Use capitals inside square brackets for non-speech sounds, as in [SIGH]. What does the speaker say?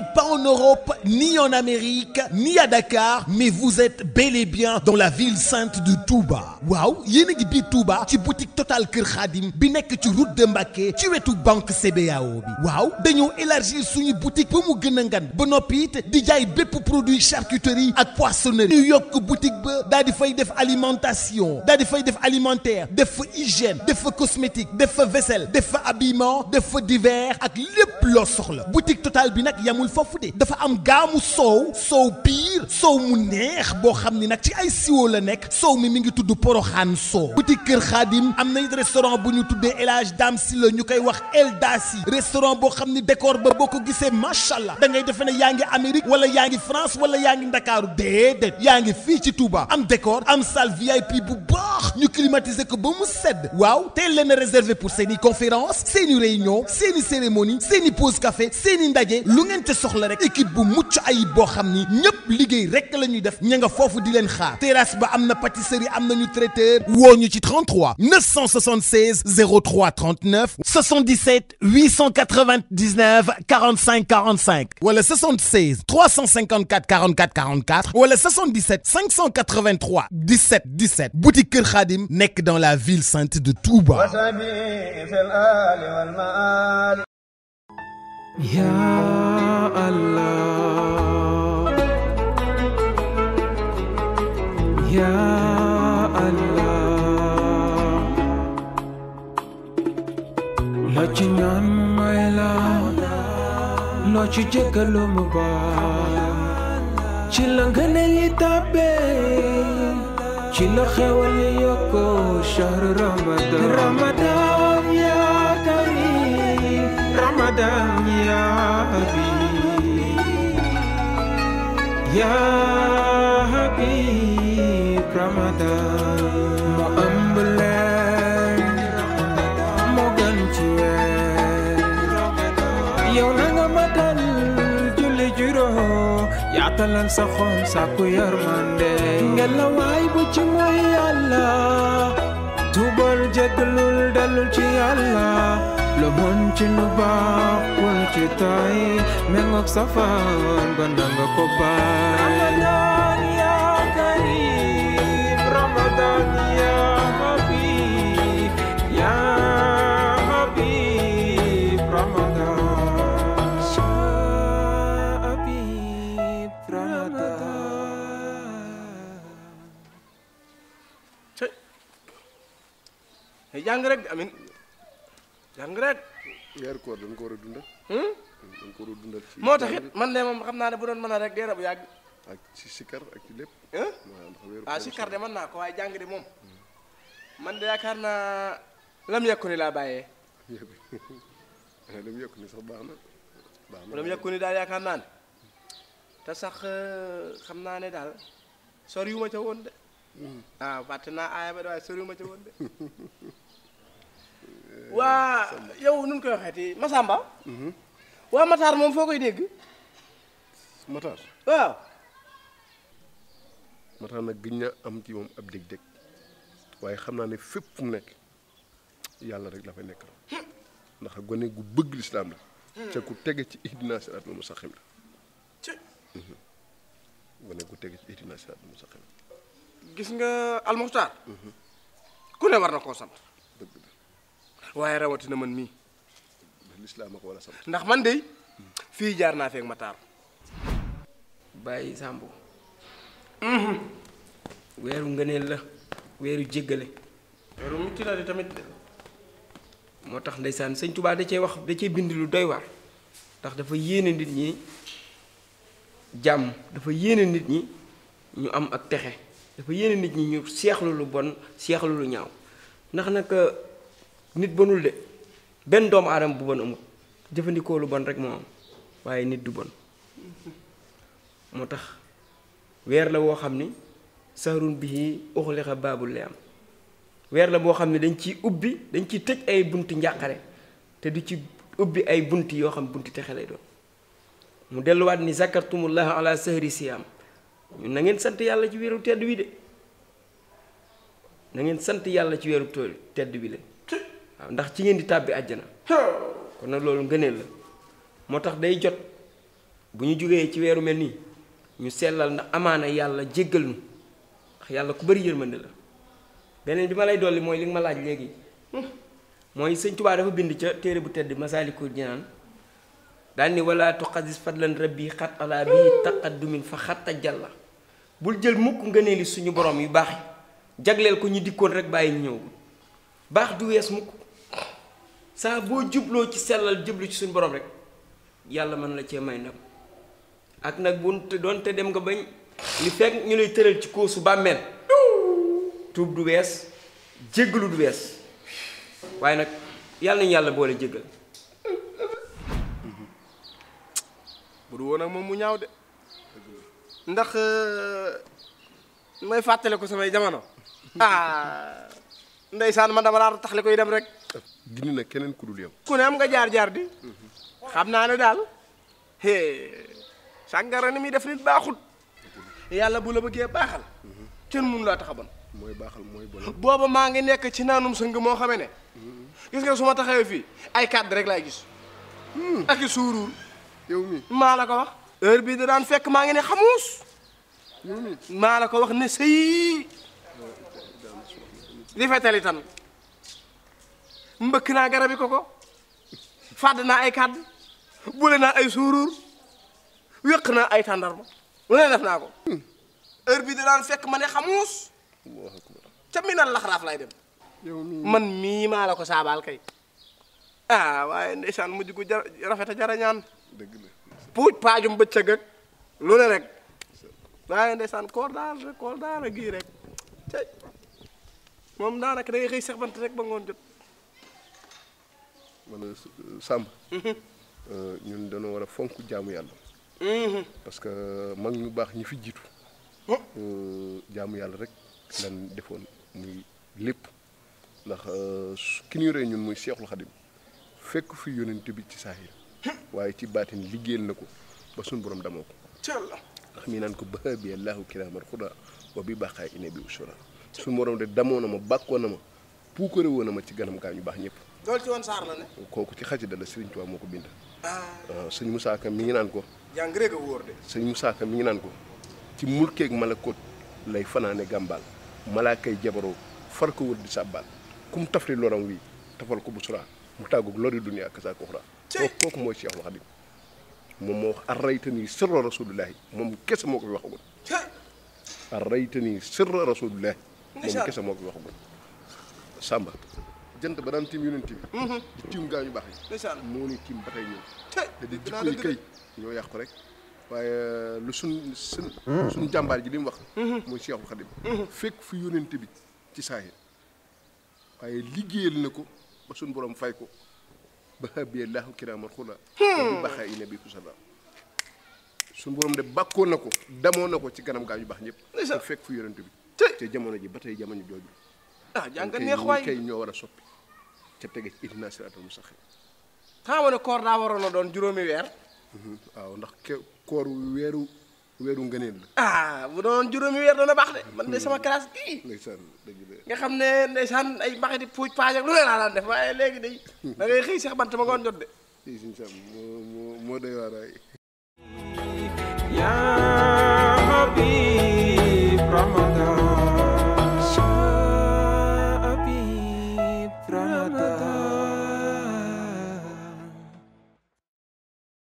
n'êtes pas en Europe, ni en Amérique, ni à Dakar, mais vous êtes bel et bien dans la ville sainte de Touba. waaw yéen a ngi biir Touba ci boutique totale Kër Khadim bi nekk ci route de Mbacké ci wetu banque CBAO bi waaw dañoo élargir suñu boutique ba mu gën a ba noppi it di jaay bépp produit charcuterie ak poissonnerie ñu yokk boutique ba daal di fay def alimentation daal di fay def alimentaire def fa hygiène def fa cosmétique def fa vaisselle def fa habillement def fa divers ak lépp loo soxla boutique Total yemul foofu dafa am gaamu soow soow piir soow mu neex boo xam ni nag ci ay siwo la nekk soow mi mi ngi tudd poroxaan soow buti kër xaadim am nañ restaurant bu ñu tuddee El Hadj si la ñu koy wax El Dasi restaurant boo xam ni décor ba boo ko gisee macha allah da ngay defe ne yaa ngi Amérique wala yaa ngi France wala yaa ngi Ndakaaru déedéet yaa ngi fii ci tuubaa am décor am salle VIP bu baax ñu climatiser ko ba mu sedd waaw teel leen a réservé pour seen i conférence seen i réunion seen i cérémonie seen i pause café seen i ndaje lu ngeen te soxla rek équipe bu mucc ayib boo xam ni ñëpp liggéey rek la ñuy def ña nga foofu di leen xaar terrasse ba am na pâtisserie am nañu traiteur woo ñu ci 33 976 03 39 77 899 45 45 wala 76 354 44 44 wala 77 583 17 17 boutique Kër Xaar nekk dans la ville sainte de Touba. yaa Allah yaa Allah loo ci ñaan may la loo ci jéggalu mu baal ci la nga ne li ci la xewal yi yokkoo shahru ya karim ramadan ya habib ya habib ramadan yaatalal sa xol sàkku yërmande ngelaw waay bu ci mooy yàlla tuubal jéggalul dellul ci yàlla lu ci lu baax bul ci tay mengook safaan ba nanga ko baay te jàng rek amin jàng ko war a dundal. Hmm? dañ moo tax it man de moom xam naa ne bu doon mën a rek dee na bu yàgg. ak ci sikar ak ci lépp. waaw ah, sikar de mën naa ko waaye jàng de moom. Hmm. man de yaakaar naa lam yàkku ni laa bàyyee. [LAUGHS] lam yekku ni sax baax na. baax na lam yekku ni daal yaakaar naa ne te sax euh, xam naa ne daal sori yu woon de. waaw mm. ah, fàtte naa aaya ba de waaye soriwuma ci woon [LAUGHS] [LAUGHS] waa yow nun koy waxeeti Masamba mm-hmm. waa Matar moom foo koy dégg Matar waaw nag gën na am ab dég waaye xam naa ne fépp nekk yàlla rek dafay fay nekk la hmm. ndax gone gu bëgg lislaam la hmm. ca ku tege ci ihdina siraatal mustaqiim la mm-hmm. gone gu tege ci ihdina siraatal mustaqiim la gis nga almuxtaar ku ne war na koo sant waaye rawatina man mii lislaam a ndax man de fii jaar naa feeg Matar bàyyi Sambo mhm. weeru ngëneel la weeru jéggale weeru mucc tamit moo tax ndeysaan sëñ Tuubaa da cee wax da cee bind lu doy waar ndax dafa yéene nit ñi jàmm dafa yéene nit ñi ñu am ak texe dafa yéene nit ñi ñu seexlu lu bon seexlu lu ñaaw ndax nag euh, nit bonul de benn doomu aadama bu bon amul jëfandikoo lu bon rek moo am waaye nit du bon moo tax weer la woo xam ni bi bii uxliqa baabul lee am weer la boo xam ne dañ ciy ubbi dañ ciy tëj ay bunti njàqare te du ci ubbi ay bunti yoo xam bunti texe lay doon mu delluwaat ni zakartumullaha ala sahri siyaam na ngeen sant yàlla ci weeru tedd wi de na ngeen sant yàlla ci weeru tool tedd bi de waaw ndax ci ngeen di tàbbi àjjana kon nag loolu ngëneel la moo tax day jot bu ñu jógee ci weeru mel nii ñu sellal na amaana yàlla jéggal nu ndax yàlla ku bari yërmande la beneen bi ma lay dolli mooy li ma laaj léegi mooy sëñ Tuubaa dafa bind ca téere bu tedd Masaalikul Jinaan daal ni wala tuqasis fadlan rabbi xat ala bii taqaddumin fa xatta jàlla bul jël mukk ngëneeli suñu borom yu baax yi jagleel ko ñu dikkoon rek bàyyi ñëw baax du wees mukk saa boo jubloo ci sellal jublu ci suñu borom rek yàlla mën la cee may ndam ak nag bu doonte dem nga bañ li fekk ñu lay tëral ci koosu bàmmeel tuub du wees jéggalu du wees waaye nag yàlla nañu yàlla boole jéggal mm-hmm. mm-hmm. bu du woon ak moom mu ñaaw de ndax euh, may fàttale ko samay jamono [LAUGHS] ah ndeysaan man dama laa tax li koy dem rek. gindi na keneen ku dul yow. am nga jaar jaar di. Mhm. xam naa ne daal hee sàngara ni muy def nit baaxul. yàlla bu la bëggee baaxal. kenn mhm. mun laa tax a bon. [LAUGHS] booba maa ngi nekk ci naanum sëng moo xamee ne. Mhm. gis nga su ma taxawee fii ay kàddu rek laay gis. Hmm. ak i suuruur. yow mi maa la ko heure bii da daan fekk maa ngi ne xamuus maa la ko wax ne sëy di fetali tan mbëkk naa ko ko fàdd naa ay kàdd bule naa ay suuruur wéq naa ay tàndarma lu ne def naa ko heure bii da daan fekk ma ne xamuus ca mi nan laxraaf lay dem man mii maa ko saabaal kay ah waaye ndeysaan mujj gu jar rafet a jarañaan dëgg la puuj paajum bëccëg ak lu ne rek naa leen ndeysaan koor daal rek koor daal a gii rek cay moom daanaka da ngay xëy sax bant rek ba ngoon jot man euh, Samb euh, ñun dañoo war a fonk jaamu yàlla mm-hmm. parce que euh, mag ñu baax ñi fi jiitu oh. yàlla rek lan defoon muy lépp ndax ki ñun muy Seexul Xadim fekk fi yonent bi ci saahir waaye ci baatin liggéeyal na ko ba suñu borom damoo ko allah ndax mi naan ko ba bi allahu kiraamal xuda wa bi baaxaay ine bi usura suñu borom de damoo na ma bàkkoo na ma puukare woon na ma ci ganam gaa ñu baax ñëpp loolu ci woon saar la ne kooku ci xasida la Sëriñ moo ko bind sañ sëñ Musaa Ka mi ngi naan ko jàng rek a wóor sëñ Musaa Ka mi ngi naan ko ci mulkeeg malakoot lay fanaane gàmbaal malaa malaakay jabaroo far ko wër di sàbbaal kum tafli loram wi tafal ko bu suraa mu tàggoog lori duniyaa kasaa ko xuraa kooku mooy Cheikhul Khadim moom moo wax arraytani sirra rasulillahi moom kese moo ko fi waxagul arraytani sirra rasulillahi moom kese moo ko fi waxagul Samba jant ba daan tim yonent bi mm-hmm. di tim gaa ñu baax yi moo ni tim ba tey te di jikko yi kay ñoo yàqu rek waaye uh, lu suñ suñ mm-hmm. suñ jàmbaar ji li mu wax mm-hmm. mooy Cheikhul Khadim fekk fi yonent bi ci saahir waaye liggéeyal na ko ba suñ borom fay ko ba xabiya laahu kiraaman xula bi baaxaa i nabi ku sala suñu borom de bàkkoo na ko damoo na ko ci ganam gaa ñu baax ñëpp bu fekk fu yonent bi te jamono ji ba tey jamono jooju ah jàng neex waay kay ñoo war a soppi ca tege ci ihdina siraatal mustaqim xaama ne koor daa waroon a doon juróomi weer waaw ndax ke koor weeru weeru ngëneel la. ah bu doon juróomi weer doon a baax de man de sama classe gi. ndeysaan dëgg la nga xam ne ndeysaan ay mbaxi di puuj paaj lu ne laa daan def waaye léegi day da ngay xëy sax bant ma ngoon jot de. si si sam moo moo moo